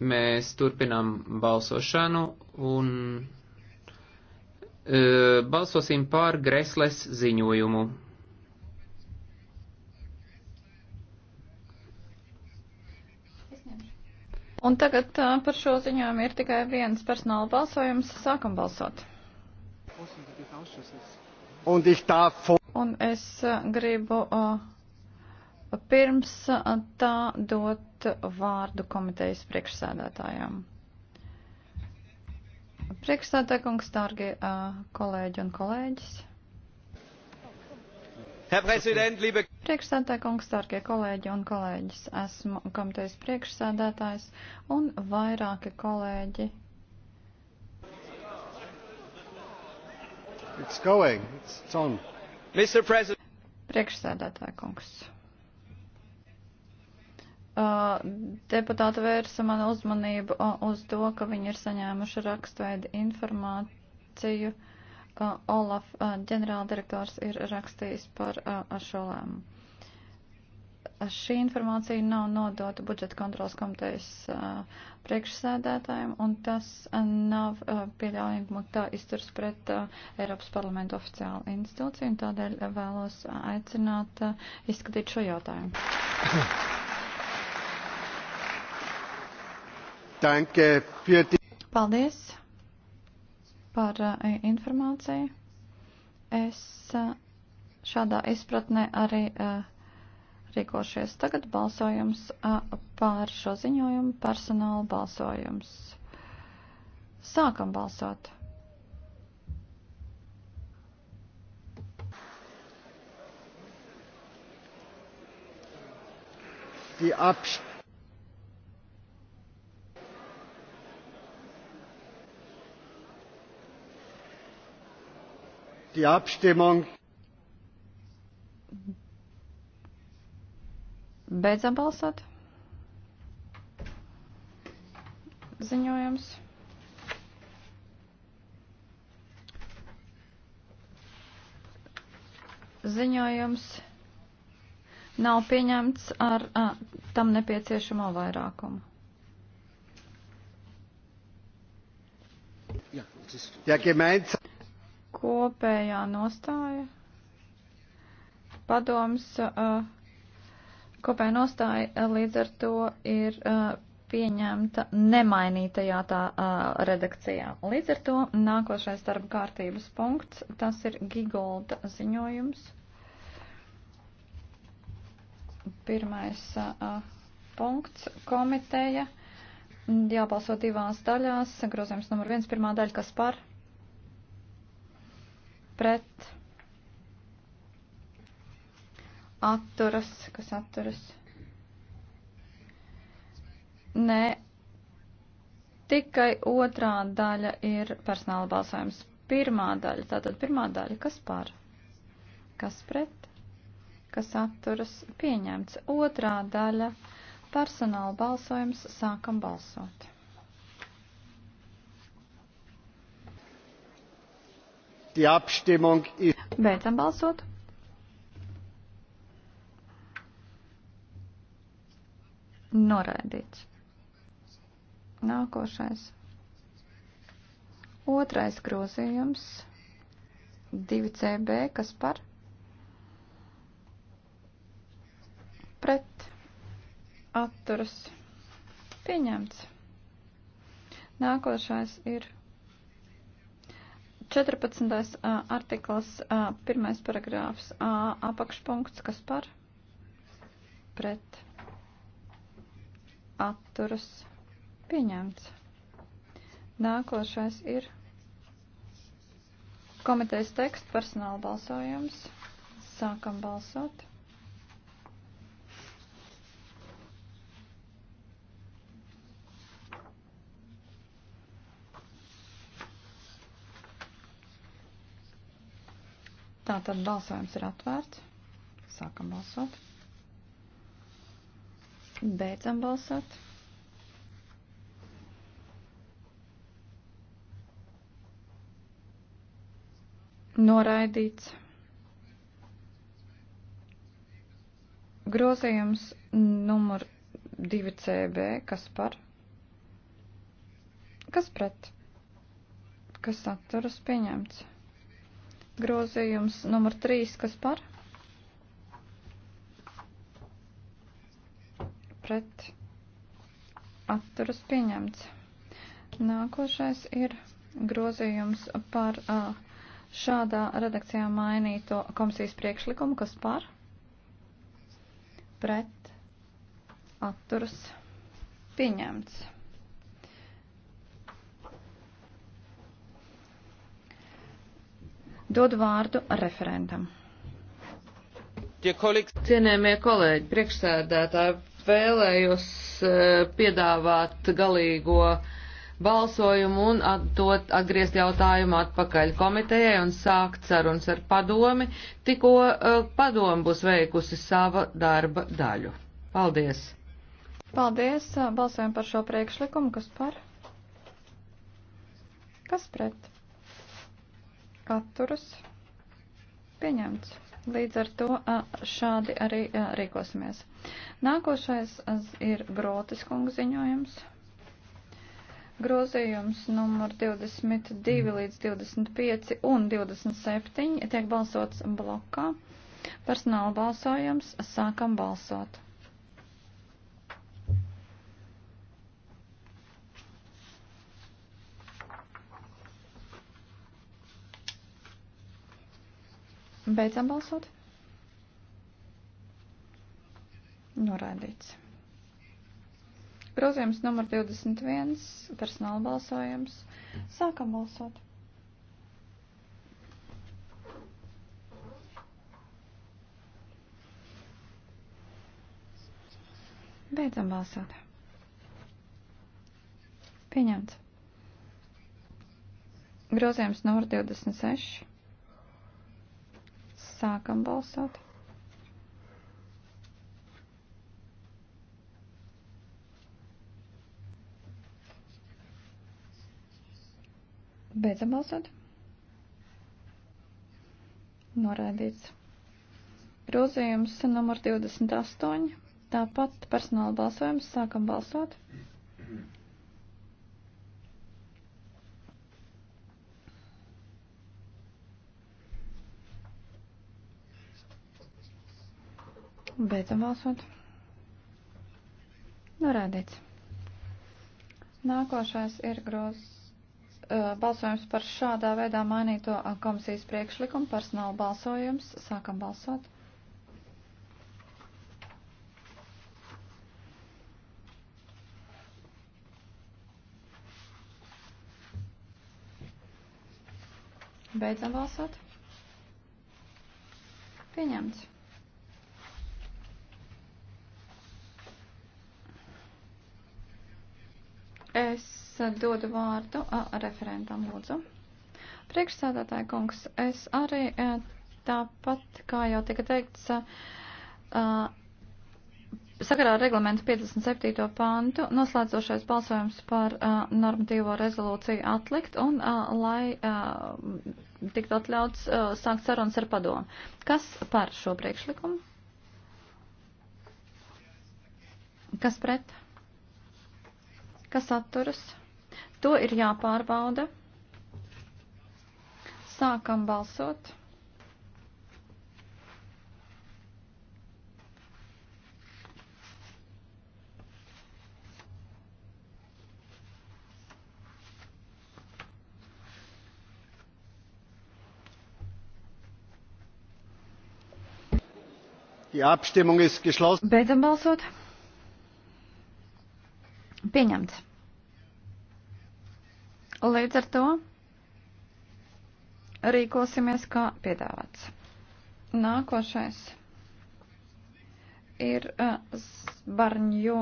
Mēs turpinām balsošanu un e, balsosim pār Gresles ziņojumu. Un tagad e, par šo ziņojumu ir tikai viens personāla balsojums. Sākam balsot. Un es e, gribu uh, Pirms tā dot vārdu komitejas priekšsēdētājām. Priekšsēdētāji, kungs, dārgie kolēģi un kolēģis. Priekšsēdētāji, kungs, dārgie kolēģi un kolēģis. Esmu komitejas priekšsēdētājs un vairāki kolēģi. It's going. It's on. Mr. President. Priekšsēdētāji, kungs deputāti vērsa manu uzmanību uz to, ka viņi ir saņēmuši rakstveidu informāciju. Olaf ģenerāldirektors ir rakstījis par šo lēmumu. Šī informācija nav nodota budžeta kontrolas komitejas priekšsēdētājiem, un tas nav pieļaujami, tā izturs pret Eiropas parlamentu oficiālu institūciju, un tādēļ vēlos aicināt izskatīt šo jautājumu. Paldies par eh, informāciju. Es eh, šādā izpratnē arī eh, rīkošies tagad balsojums par šo ziņojumu, personāla balsojums. Sākam balsot! Die Abstimmung. Die Abstimmung. Beidzam balsot. Ziņojums. Ziņojums nav pieņemts ar a, tam nepieciešamo vairākumu. Ja, ja, kopējā nostāja, padoms, uh, kopējā nostāja uh, līdz ar to ir uh, pieņemta nemainītajā tā redakcijā. Līdz ar to nākošais darba kārtības punkts, tas ir Gigolda ziņojums. Pirmais punkts komiteja. Jābalso divās daļās. Grozījums numur viens, pirmā daļa, kas par? pret, atturas, kas atturas. Nē, tikai otrā daļa ir personāla balsojums. Pirmā daļa, tātad pirmā daļa, kas par, kas pret, kas atturas, pieņemts. Otrā daļa, personāla balsojums, sākam balsot. Die Abstimmung ist. Beidzam balsot. Noraidīts. Nākošais. Otrais grozījums. 2CB, kas par? Pret. Atturas. Pieņemts. Nākošais ir 14. artikls, 1. paragrāfs, apakšpunkts, kas par? Pret. Atturas. Pieņemts. Nākošais ir komitejas teksts, personāla balsojums. Sākam balsot. Tātad balsojums ir atvērts. Sākam balsot. Beidzam balsot. Noraidīts. Grozījums numur 2CB, kas par? Kas pret? Kas atturas pieņemts? Grozījums numur 3, kas par? Pret atturas pieņemts. Nākošais ir grozījums par šādā redakcijā mainīto komisijas priekšlikumu, kas par? Pret atturas pieņemts. Dod vārdu referentam. Cienējamie kolēģi, priekšsēdētāji, vēlējos eh, piedāvāt galīgo balsojumu un atdot, atgriezt jautājumu atpakaļ komitejai un sākt sarunas ar padomi, tikko eh, padomi būs veikusi sava darba daļu. Paldies! Paldies! Eh, balsojam par šo priekšlikumu. Kas par? Kas pret? atturas pieņemts. Līdz ar to šādi arī rīkosimies. Nākošais ir Brotis kunga ziņojums. Grozījums numur 22 līdz 25 un 27 tiek balsots blokā. Personāla balsojums. Sākam balsot. Beidzam balsot. Norādīts. Grozījums numur 21, personāla balsojums. Sākam balsot. Beidzam balsot. Pieņemts. Grozījums numur 26. Sākam balsot. Beidzam balsot. Noraidīts. Grozījums numur 28. Tāpat personāla balsojums. Sākam balsot. Mm. Beidzam balsot. Norādīts. Nākošais ir groz, uh, balsojums par šādā veidā mainīto komisijas priekšlikumu personāla balsojums. Sākam balsot. Beidzam balsot. Pieņemts. Es dodu vārdu referentam, lūdzu. Priekšsēdētāja kungs, es arī e, tāpat, kā jau tika teikts, sakarā ar reglamentu 57. pantu noslēdzošais balsojums par uh, normatīvo rezolūciju atlikt un uh, lai uh, tiktu atļauts uh, sākt sarunas ar padomu. Kas par šo priekšlikumu? Kas pret? kas atturas. To ir jāpārbauda. Sākam balsot. Die Abstimmung ist geschlossen. Beidzam balsot. Pieņemt. Līdz ar to rīkosimies kā piedāvāts. Nākošais ir uh, eh, Barņo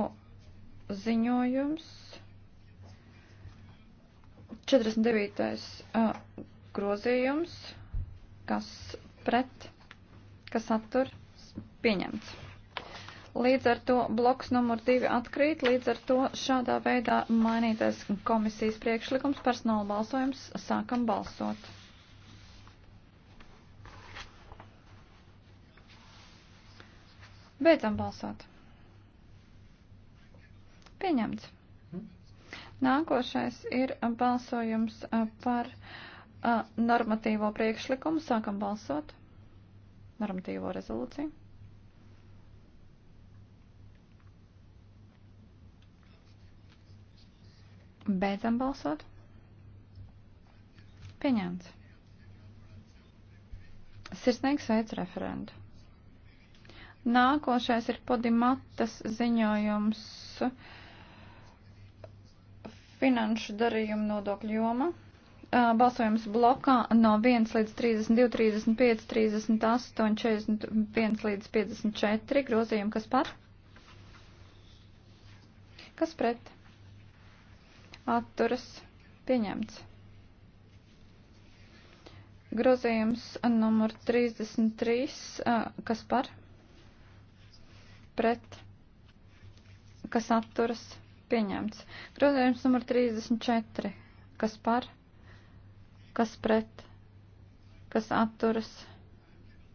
ziņojums. 49. Uh, eh, grozījums, kas pret, kas attur, pieņemts. Līdz ar to bloks numur divi atkrīt, līdz ar to šādā veidā mainītais komisijas priekšlikums personāla balsojums sākam balsot. Beidzam balsot. Pieņemts. Nākošais ir balsojums uh, par uh, normatīvo priekšlikumu. Sākam balsot. Normatīvo rezolūciju. Beidzam balsot. Pieņemts. Sirsnīgs veids referendu. Nākošais ir podimatas ziņojums finanšu darījumu nodokļu joma. Balsojums blokā no 1 līdz 32, 35, 38, 41 līdz 54 grozījumi, kas par? Kas pret? atturas pieņemts. Grozījums numur 33, kas par, pret, kas atturas pieņemts. Grozījums numur 34, kas par, kas pret, kas atturas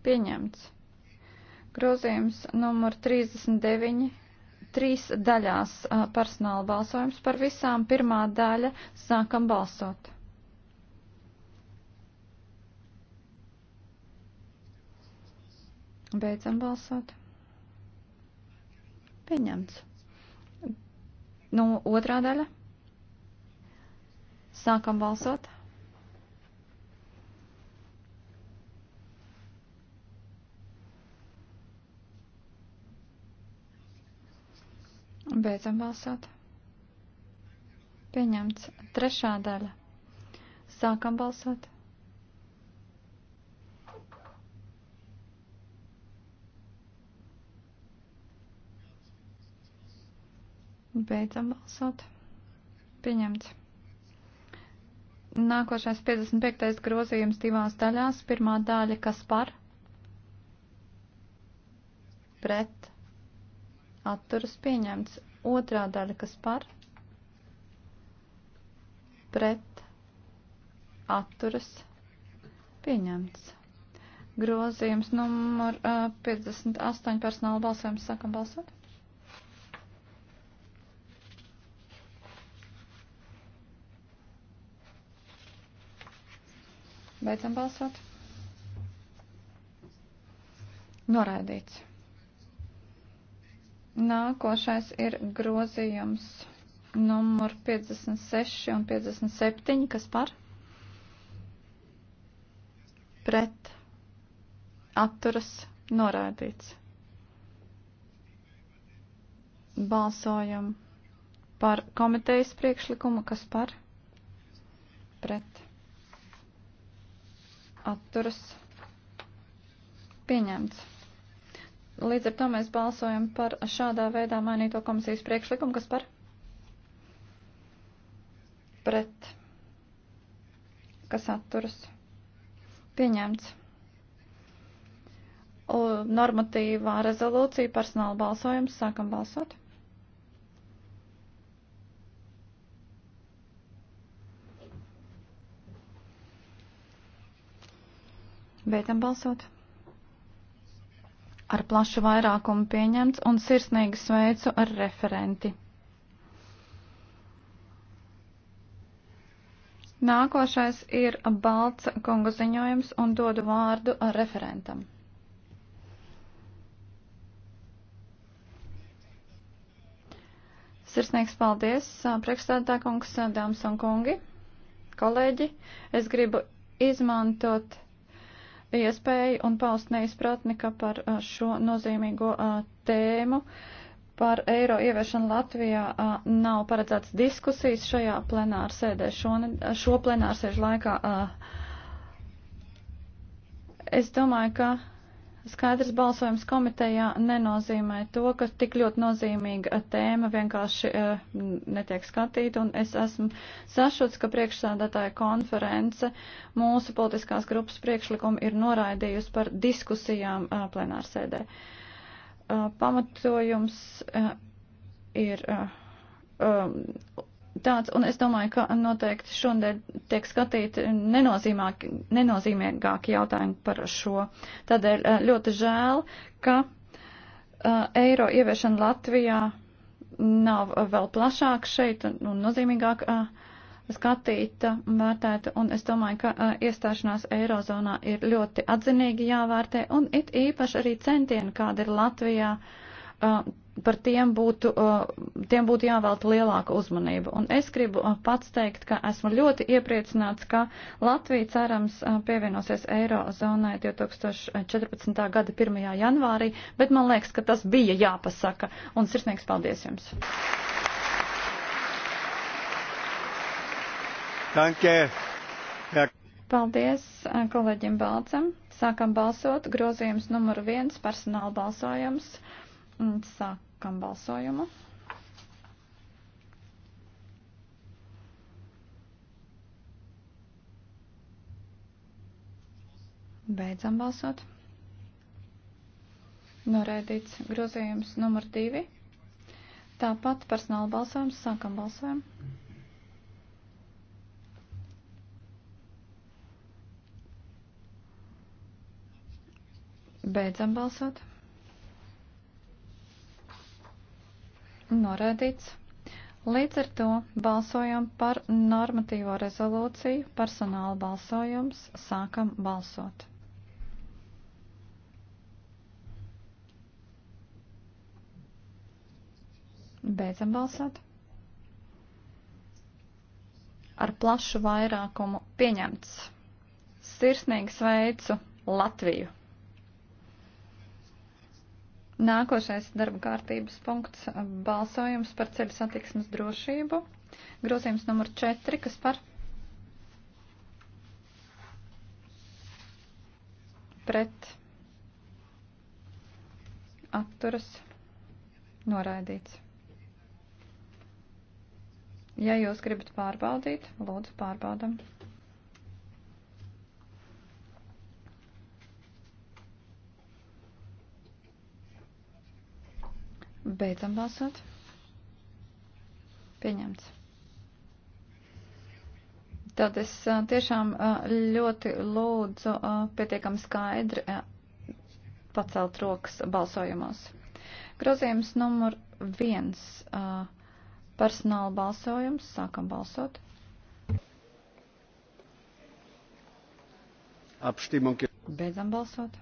pieņemts. Grozījums numur 39, Trīs daļās personāla balsojums par visām. Pirmā daļa sākam balsot. Beidzam balsot. Pieņemts. Nu, otrā daļa. Sākam balsot. Beidzam balsot. Pieņemts. Trešā daļa. Sākam balsot. Beidzam balsot. Pieņemts. Nākošais 55. grozījums divās daļās. Pirmā daļa, kas par? Pret atturas pieņemts. Otrā daļa, kas par, pret, atturas pieņemts. Grozījums numur uh, 58 personāla balsojums. Sākam balsot. Beidzam balsot. Noraidīts. Nākošais ir grozījums numur 56 un 57, kas par? Pret. Atturas norādīts. Balsojam par komitejas priekšlikumu, kas par? Pret. Atturas pieņemts. Līdz ar to mēs balsojam par šādā veidā mainīto komisijas priekšlikumu, kas par pret, kas atturas, pieņemts. Normatīvā rezolūcija personāla balsojums. Sākam balsot. Beidzam balsot ar plašu vairākumu pieņemts un sirsnīgi sveicu ar referenti. Nākošais ir balts kunga ziņojums un dodu vārdu referentam. Sirsnīgs paldies, priekšstādātā kungs, dāmas un kungi, kolēģi. Es gribu izmantot iespēju un paust neizpratni, ka par šo nozīmīgo tēmu par eiro ieviešanu Latvijā nav paredzēts diskusijas šajā plenāra sēdē šoned, šo plenāra sēžu laikā. Es domāju, ka Skaidrs balsojums komitejā nenozīmē to, ka tik ļoti nozīmīga tēma vienkārši uh, netiek skatīta, un es esmu sašuts, ka priekšsādātāja konference mūsu politiskās grupas priekšlikumu ir noraidījusi par diskusijām uh, plenārsēdē. Uh, pamatojums uh, ir. Uh, um, tāds, un es domāju, ka noteikti šodien tiek skatīti nenozīmīgāki jautājumi par šo. Tādēļ eh, ļoti žēl, ka eh, eiro ieviešana Latvijā nav vēl plašāk šeit un nozīmīgāk eh, skatīta, vērtēta, un es domāju, ka iestāšanās eirozonā ir ļoti atzinīgi jāvērtē, un it īpaši arī centieni, kāda ir Latvijā par tiem būtu, uh, tiem būtu jāvēlta lielāka uzmanība. Un es gribu uh, pats teikt, ka esmu ļoti iepriecināts, ka Latvija cerams uh, pievienosies Eirozonai 2014. gada 1. janvārī, bet man liekas, ka tas bija jāpasaka. Un sirsnīgs paldies jums! Danke. Ja. Paldies kolēģim Balcam. Sākam balsot. Grozījums numur viens - personāla balsojums. Sākam balsojumu. Beidzam balsot. Noraidīts grozījums numur divi. Tāpat personāla balsojums. Sākam balsojumu. Beidzam balsot. Noraidīts. Līdz ar to balsojam par normatīvo rezolūciju, personāla balsojums, sākam balsot. Beidzam balsot. Ar plašu vairākumu pieņemts. Sirsnīgi sveicu Latviju! Nākošais darba kārtības punkts - balsojums par ceļu satiksmes drošību. Grozījums numur 4, kas par pret atturas noraidīts. Ja jūs gribat pārbaudīt, lūdzu pārbaudam. Beidzam balsot. Pieņemts. Tad es tiešām ļoti lūdzu pietiekami skaidri pacelt rokas balsojumos. Grozījums numur viens - personāla balsojums. Sākam balsot. Apstimung. Beidzam balsot.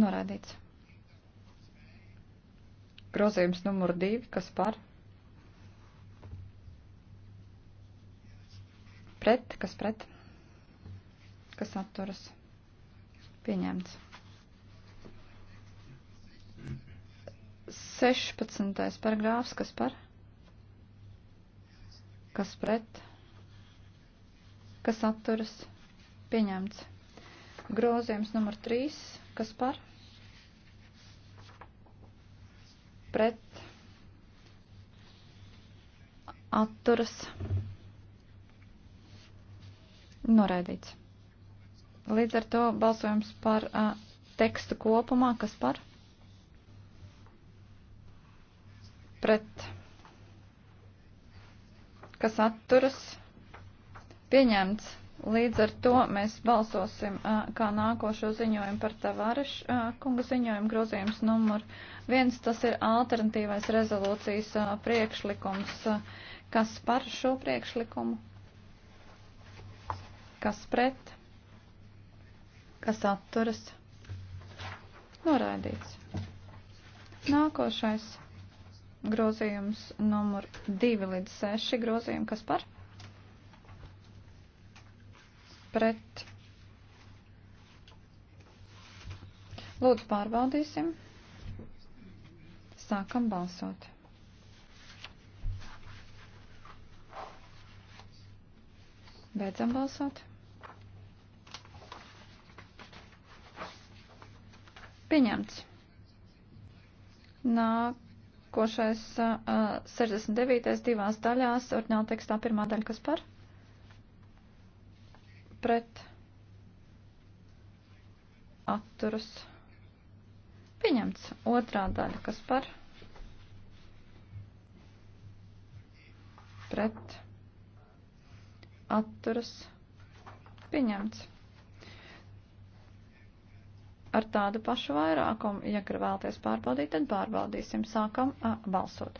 Norādīts. Grozījums numur divi, kas par? Pret, kas pret? Kas atturas? Pieņemts. 16. paragrāfs, kas par? Kas pret? Kas atturas? Pieņemts. Grozījums numur 3, kas par? pret atturas noraidīts. Līdz ar to balsojums par uh, tekstu kopumā, kas par pret kas atturas pieņemts. Līdz ar to mēs balsosim kā nākošo ziņojumu par Tavāreša kunga ziņojumu grozījums numur viens. Tas ir alternatīvais rezolūcijas priekšlikums. Kas par šo priekšlikumu? Kas pret? Kas atturas? Noraidīts. Nākošais grozījums numur 2 līdz 6 grozījumi. Kas par? pret. Lūdzu, pārbaudīsim. Sākam balsot. Beidzam balsot. Pieņemts. Nākošais uh, 69. divās daļās, orģināla tekstā pirmā daļa, kas par? pret atturas pieņemts. Otrā daļa, kas par pret atturas pieņemts. Ar tādu pašu vairākumu, ja vēlaties pārbaudīt, tad pārbaudīsim. Sākam a, balsot.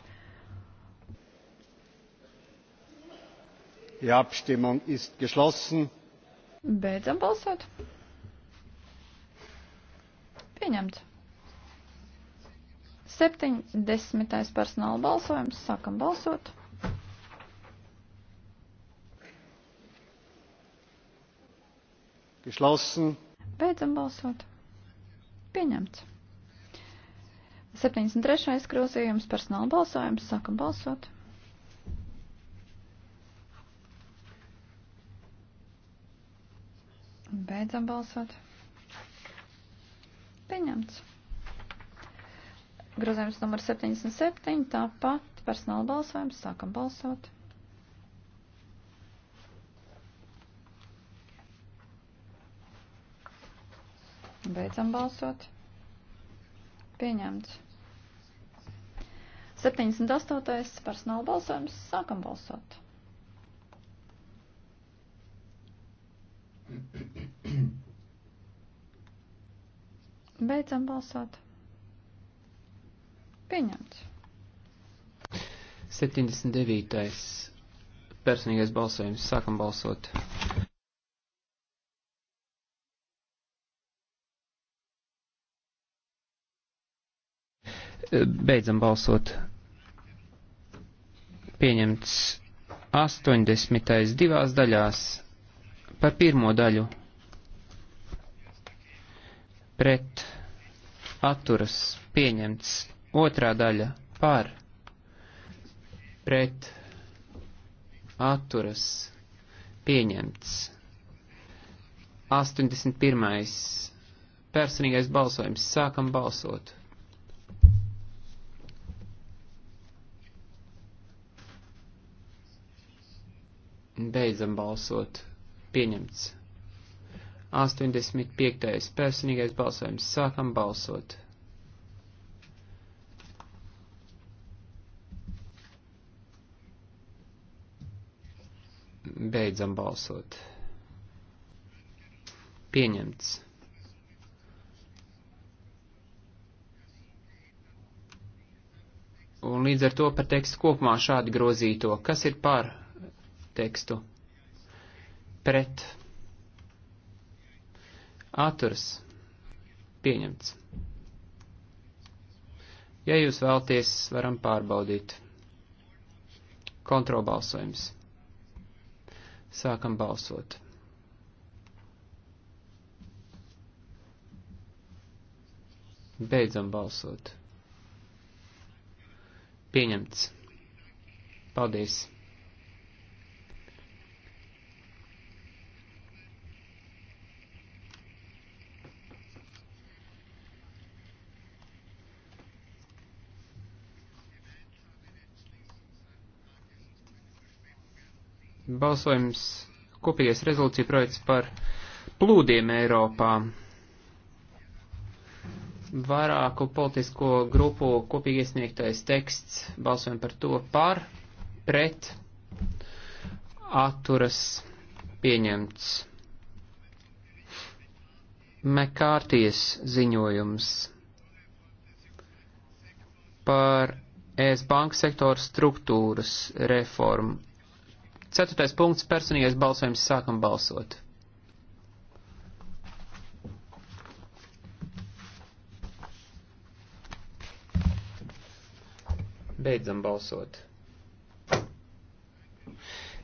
Die Abstimmung ist geschlossen. Beidzam balsot. Pieņemts. 70. personāla balsojums. Sākam balsot. Geschlossen. Beidzam balsot. Pieņemts. 73. grozījums personāla balsojums. Sākam balsot. Beidzam balsot. Pieņemts. Grozējums numur 77, tāpat personāla balsojums, sākam balsot. Beidzam balsot. Pieņemts. 78. personāla balsojums, sākam balsot. Beidzam balsot. Pieņemts. 79. personīgais balsojums. Sākam balsot. Beidzam balsot. Pieņemts 80. divās daļās par pirmo daļu pret atturas pieņemts. Otrā daļa par pret atturas pieņemts. 81. personīgais balsojums. Sākam balsot. Beidzam balsot. Pieņemts. 85. personīgais balsojums. Sākam balsot. Beidzam balsot. Pieņemts. Un līdz ar to par tekstu kopumā šādi grozīto. Kas ir par tekstu? Pret. Atturas. Pieņemts. Ja jūs vēlties, varam pārbaudīt. Kontrolbalsojums. Sākam balsot. Beidzam balsot. Pieņemts. Paldies. balsojums kopīgais rezolūcija projekts par plūdiem Eiropā. Vairāku politisko grupu kopīgi iesniegtais teksts balsojam par to par, pret, atturas pieņemts. Mekārties ziņojums par ES banka sektora struktūras reformu Ceturtais punkts - personīgais balsojums. Sākam balsot. Beidzam balsot.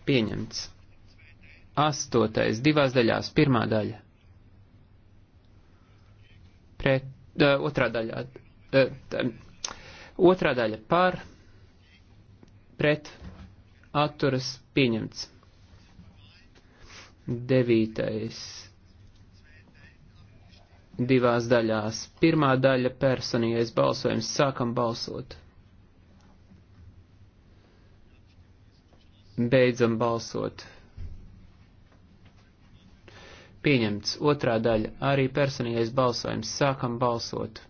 Pieņemts. Astotais divās daļās. Pirmā daļa. Pret, uh, otrā daļā. Uh, otrā daļa par. Pret atturas pieņemts. Devītais. Divās daļās. Pirmā daļa personīgais balsojums. Sākam balsot. Beidzam balsot. Pieņemts. Otrā daļa. Arī personīgais balsojums. Sākam balsot.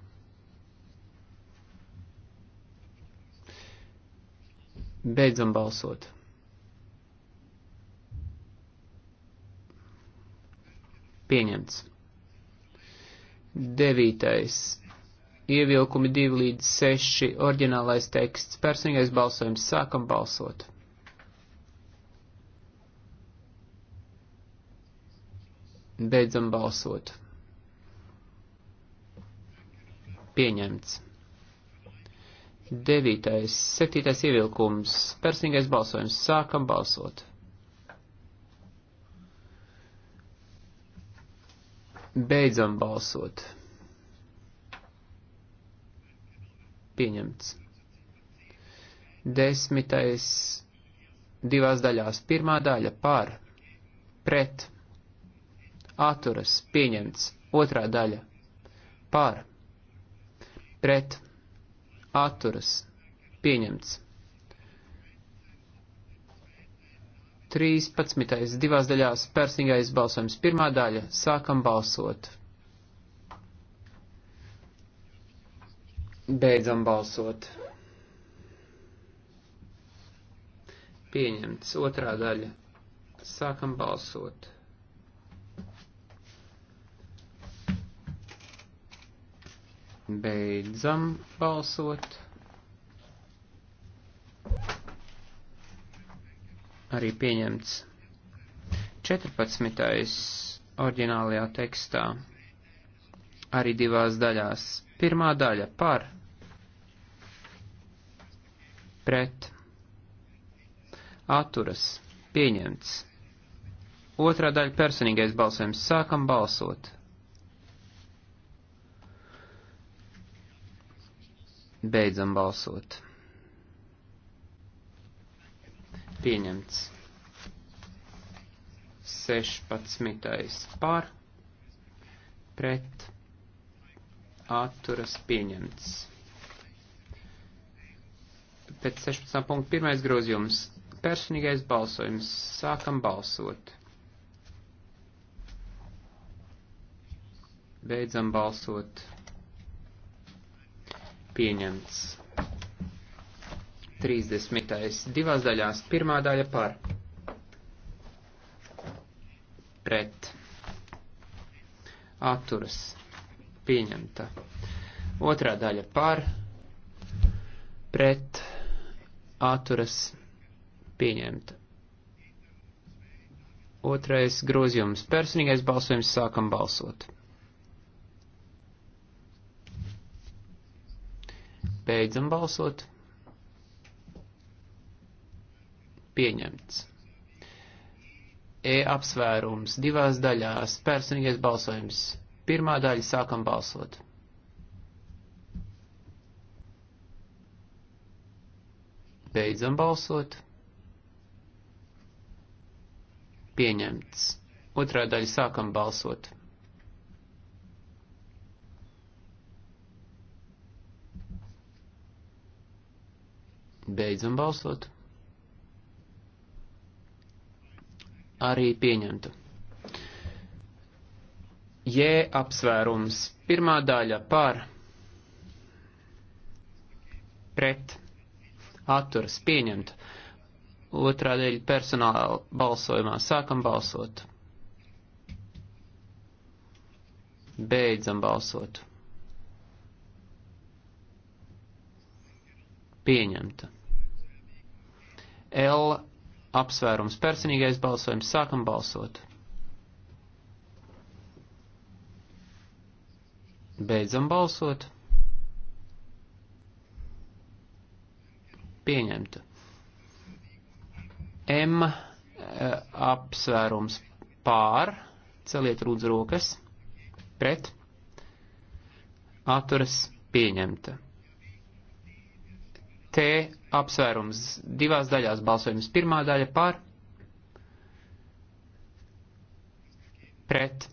Beidzam balsot. Pieņemts. Devītais. Ievilkumi 2 līdz 6. Orģinālais teksts. Personīgais balsojums. Sākam balsot. Beidzam balsot. Pieņemts. Devītais, septītais ievilkums, personīgais balsojums. Sākam balsot. Beidzam balsot. Pieņemts. Desmitais divās daļās. Pirmā daļa par, pret, atturas, pieņemts. Otrā daļa par, pret, atturas atturas pieņemts. 13. divās daļās personīgais balsojums. Pirmā daļa. Sākam balsot. Beidzam balsot. Pieņemts. Otrā daļa. Sākam balsot. Beidzam balsot. Arī pieņemts 14. oriģinālajā tekstā. Arī divās daļās. Pirmā daļa par pret atturas pieņemts. Otrā daļa personīgais balsojums. Sākam balsot. Beidzam balsot. Pieņemts. 16. par, pret, atturas pieņemts. Pēc 16. punkta pirmais grozījums - personīgais balsojums. Sākam balsot. Beidzam balsot pieņemts. 30. divās daļās. Pirmā daļa par. Pret. Atturas. Pieņemta. Otrā daļa par. Pret. Atturas. Pieņemta. Otrais grozījums. Personīgais balsojums sākam balsot. Beidzam balsot. Pieņemts. E apsvērums divās daļās. Personīgais balsojums. Pirmā daļa sākam balsot. Beidzam balsot. Pieņemts. Otrā daļa sākam balsot. Beidzam balsot. Arī pieņemta. Jē apsvērums. Pirmā daļa par pret atturas pieņemta. Otrā daļa personāla balsojumā. Sākam balsot. Beidzam balsot. pieņemta. L apsvērums personīgais balsojums sākam balsot. Beidzam balsot. Pieņemta. M eh, apsvērums pār, celiet rūdz rokas, pret, atturas pieņemta. T apsvērums divās daļās balsojums. Pirmā daļa par, pret,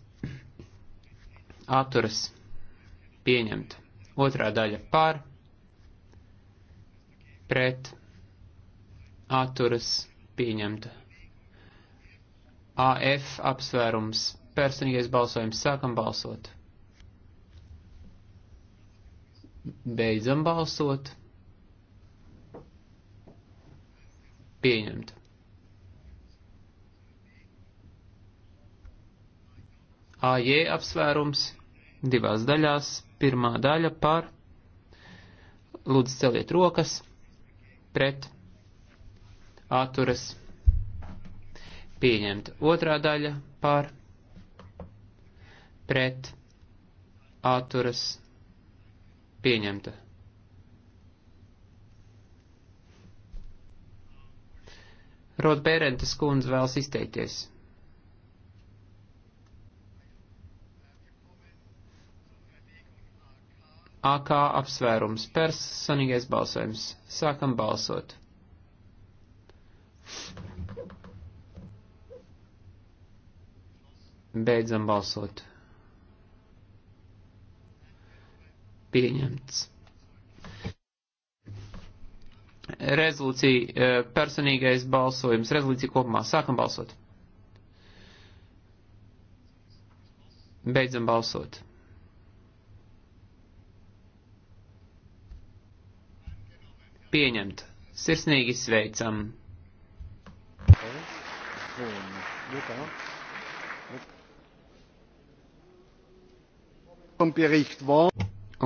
atturas, pieņemt. Otrā daļa par, pret, atturas, pieņemt. AF apsvērums personīgais balsojums. Sākam balsot. Beidzam balsot. pieņemta. AJ apsvērums divās daļās. Pirmā daļa par lūdzu celiet rokas pret atturas pieņemta. Otrā daļa par pret atturas pieņemta. Rod Bērentes kundze vēlas izteikties. AK apsvērums, personīgais balsojums. Sākam balsot. Beidzam balsot. Pieņemts rezolūcija, e, personīgais balsojums, rezolūcija kopumā. Sākam balsot. Beidzam balsot. Pieņemt. Sirsnīgi sveicam.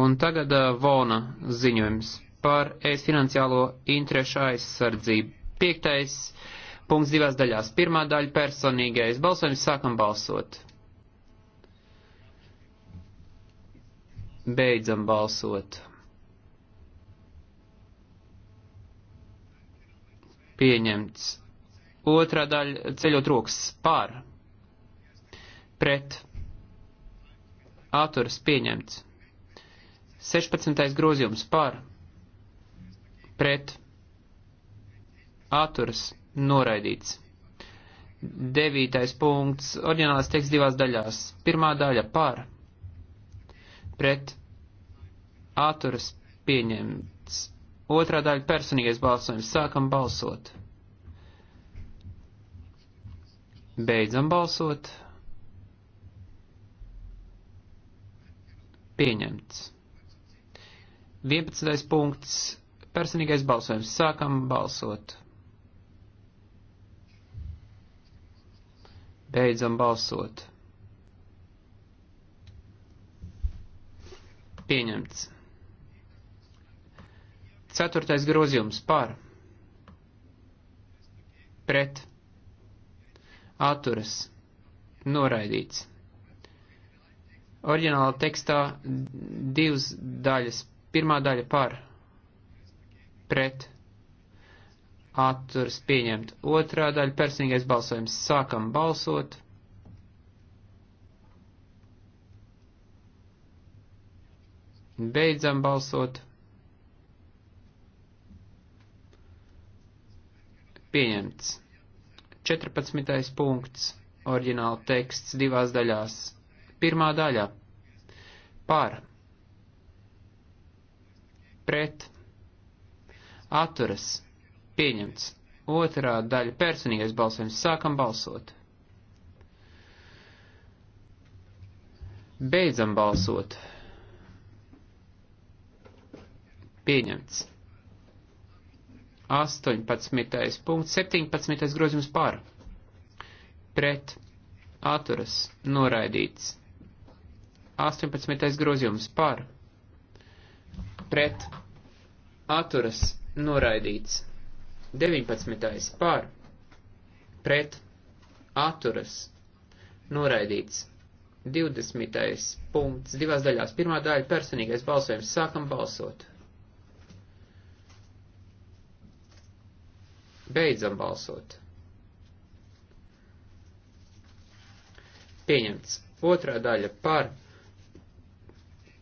Un tagad uh, Vona ziņojums par es finansiālo interešu aizsardzību. Piektais punkts divās daļās. Pirmā daļa personīgais balsojums sākam balsot. Beidzam balsot. Pieņemts. Otrā daļa ceļot rokas pār. Pret. Āturs pieņemts. 16. grozījums pār pret atturas noraidīts. Devītais punkts. Orģinālais teksts divās daļās. Pirmā daļa par pret atturas pieņemts. Otrā daļa personīgais balsojums. Sākam balsot. Beidzam balsot. Pieņemts. 11. punkts Personīgais balsojums. Sākam balsot. Beidzam balsot. Pieņemts. Ceturtais grozījums par. Pret. Atturas. Noraidīts. Oriģināla tekstā divas daļas. Pirmā daļa par pret atturas pieņemt. Otrā daļa personīgais balsojums. Sākam balsot. Beidzam balsot. Pieņemts. 14. punkts. Oriģināla teksts divās daļās. Pirmā daļa. Par. Pret atturas, pieņemts. Otrā daļa personīgais balsojums. Sākam balsot. Beidzam balsot. Pieņemts. 18. punkts, 17. grozījums par. Pret. Atturas. Noraidīts. 18. grozījums par. Pret. Atturas noraidīts. 19. pār, pret, atturas, noraidīts. 20. punkts, divās daļās. Pirmā daļa personīgais balsojums. Sākam balsot. Beidzam balsot. Pieņemts. Otrā daļa par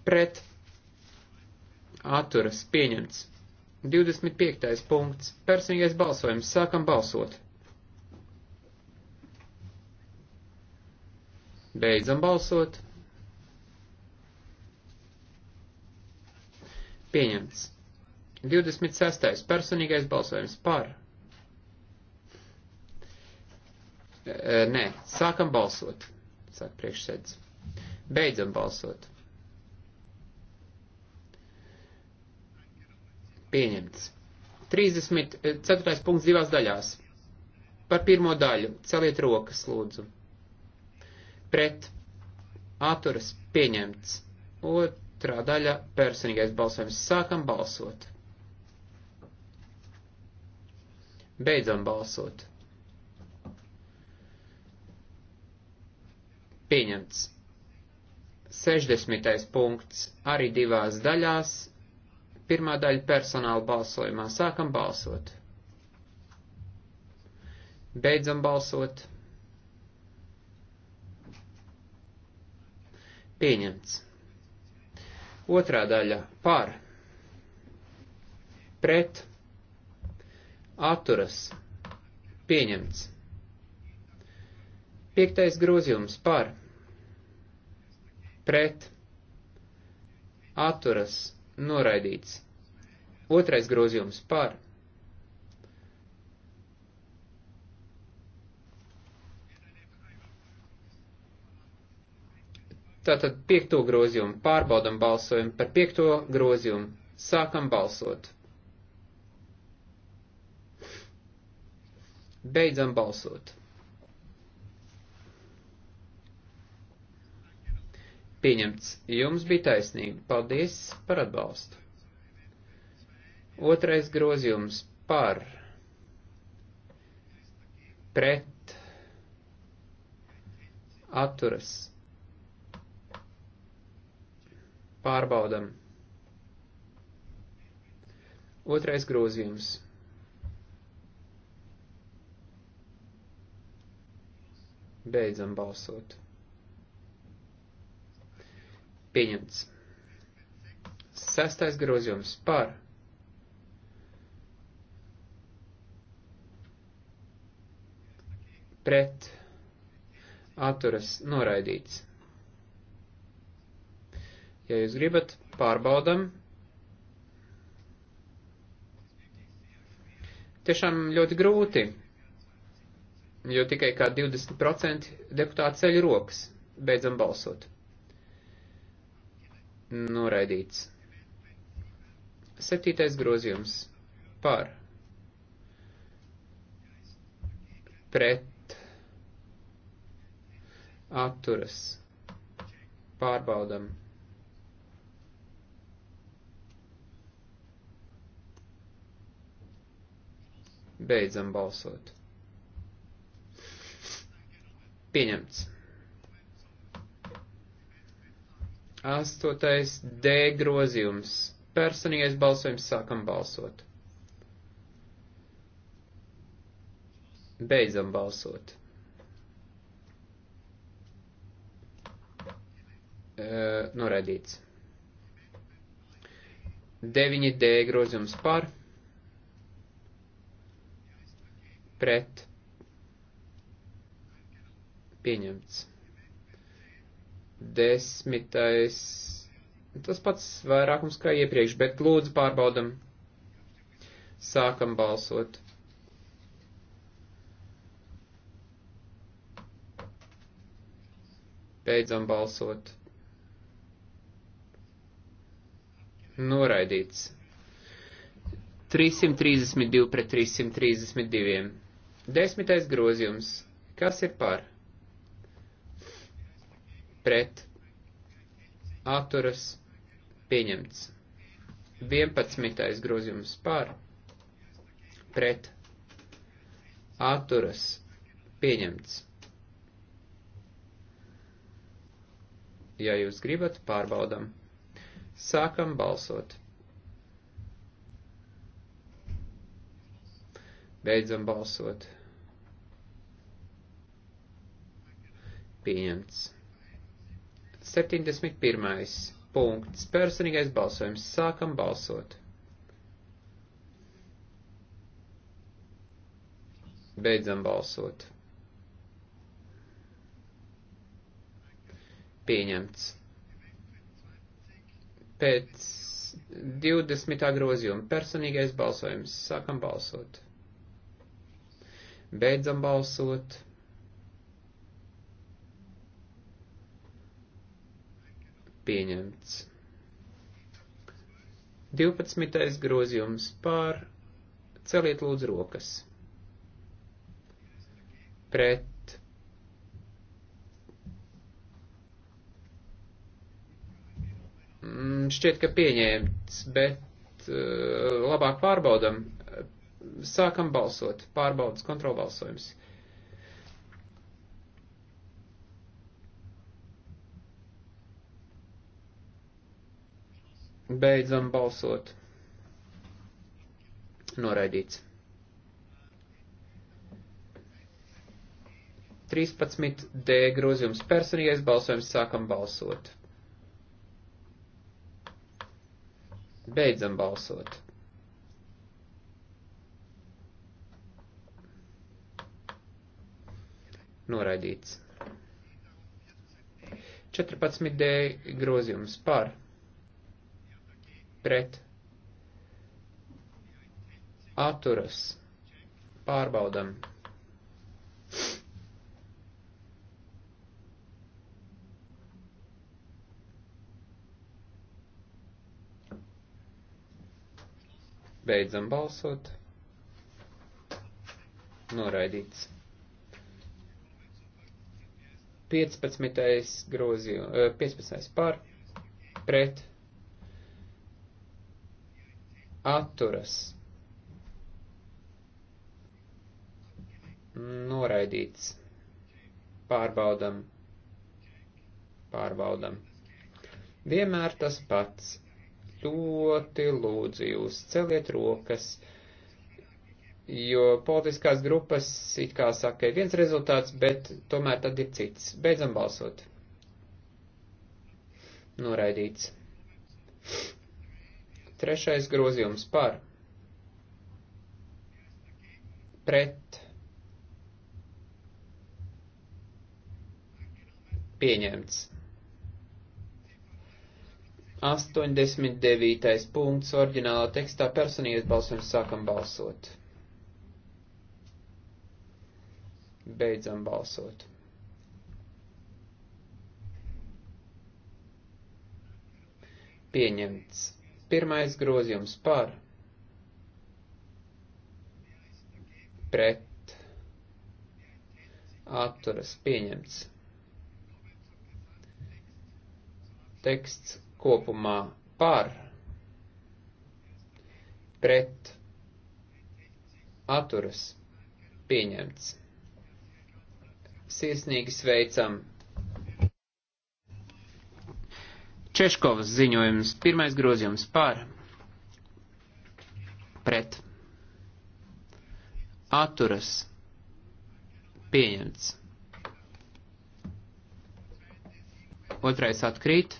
pret atturas pieņemts. 25. punkts. Personīgais balsojums. Sākam balsot. Beidzam balsot. Pieņemts. 26. personīgais balsojums par. E, nē, sākam balsot, saka priekšsēdz. Beidzam balsot. Pieņemts. 34. Eh, punkts divās daļās. Par pirmo daļu celiet rokas, lūdzu. Pret. Atturas pieņemts. Otrā daļa personīgais balsojums. Sākam balsot. Beidzam balsot. Pieņemts. 60. punkts arī divās daļās Pirmā daļa personāla balsojumā. Sākam balsot. Beidzam balsot. Pieņemts. Otrā daļa par, pret, atturas, pieņemts. Piektais grozījums par, pret, atturas, pieņemts noraidīts. Otrais grozījums par. Tātad piekto grozījumu pārbaudam balsojumu par piekto grozījumu. Sākam balsot. Beidzam balsot. Pieņemts. Jums bija taisnība. Paldies par atbalstu. Otrais grozījums par pret atturas pārbaudam. Otrais grozījums. Beidzam balsot. Pieņemts. Sestais grozījums par. Pret. Atturas noraidīts. Ja jūs gribat, pārbaudam. Tiešām ļoti grūti, jo tikai kā 20% deputāti ceļ rokas. Beidzam balsot. Noraidīts. Septītais grozījums. Par. Pret. Atturas. Pārbaudam. Beidzam balsot. Pieņemts. Astotais D grozījums. Personīgais balsojums sākam balsot. Beidzam balsot. Uh, noraidīts. 9D grozījums par, pret, pieņemts. Desmitais. Tas pats vairākums kā iepriekš, bet lūdzu pārbaudam. Sākam balsot. Beidzam balsot. Noraidīts. 332 pret 332. Desmitais grozījums. Kas ir par? pret, atturas, pieņemts. 11. grozījums par, pret, atturas, pieņemts. Ja jūs gribat, pārbaudam. Sākam balsot. Beidzam balsot. Pieņemts. 71. punkts. Personīgais balsojums. Sākam balsot. Beidzam balsot. Pieņemts. Pēc 20. grozījuma personīgais balsojums. Sākam balsot. Beidzam balsot. pieņemts. 12. grozījums pār celiet lūdzu rokas. Pret. Mm, šķiet, ka pieņēmts, bet eh, labāk pārbaudam. Sākam balsot. Pārbaudas kontrolbalsojums. Beidzam balsot. Noraidīts. 13 D grozījums personīgais balsojums sākam balsot. Beidzam balsot. Noraidīts. 14D grozījums par pret, atturas, pārbaudam. Beidzam balsot. Noraidīts. 15. grozījums, 15. par, pret, atturas, noraidīts, pārbaudam, pārbaudam. Vienmēr tas pats. Ļoti lūdzu jūs celiet rokas, jo politiskās grupas it kā saka, ir viens rezultāts, bet tomēr tad ir cits. Beidzam balsot. Noraidīts. Trešais grozījums par pret pieņemts. 89. punkts oriģinālā tekstā personības balsojums sākam balsot. Beidzam balsot. Pieņemts. Pirmais grozījums par pret atturas pieņemts. Teksts kopumā par pret atturas pieņemts. Sirsnīgi sveicam Češkovas ziņojums, pirmais grozījums par, pret, atturas, pieņemts. Otrais atkrīt.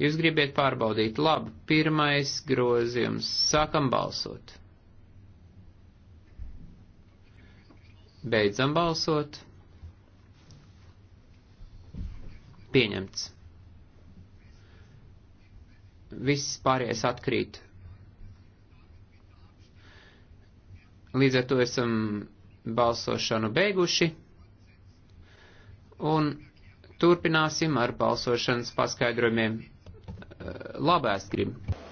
Jūs gribiet pārbaudīt labu, pirmais grozījums, sākam balsot. Beidzam balsot. pieņemts. Viss pārējais atkrīt. Līdz ar to esam balsošanu beiguši un turpināsim ar balsošanas paskaidrojumiem. Labēs gribu!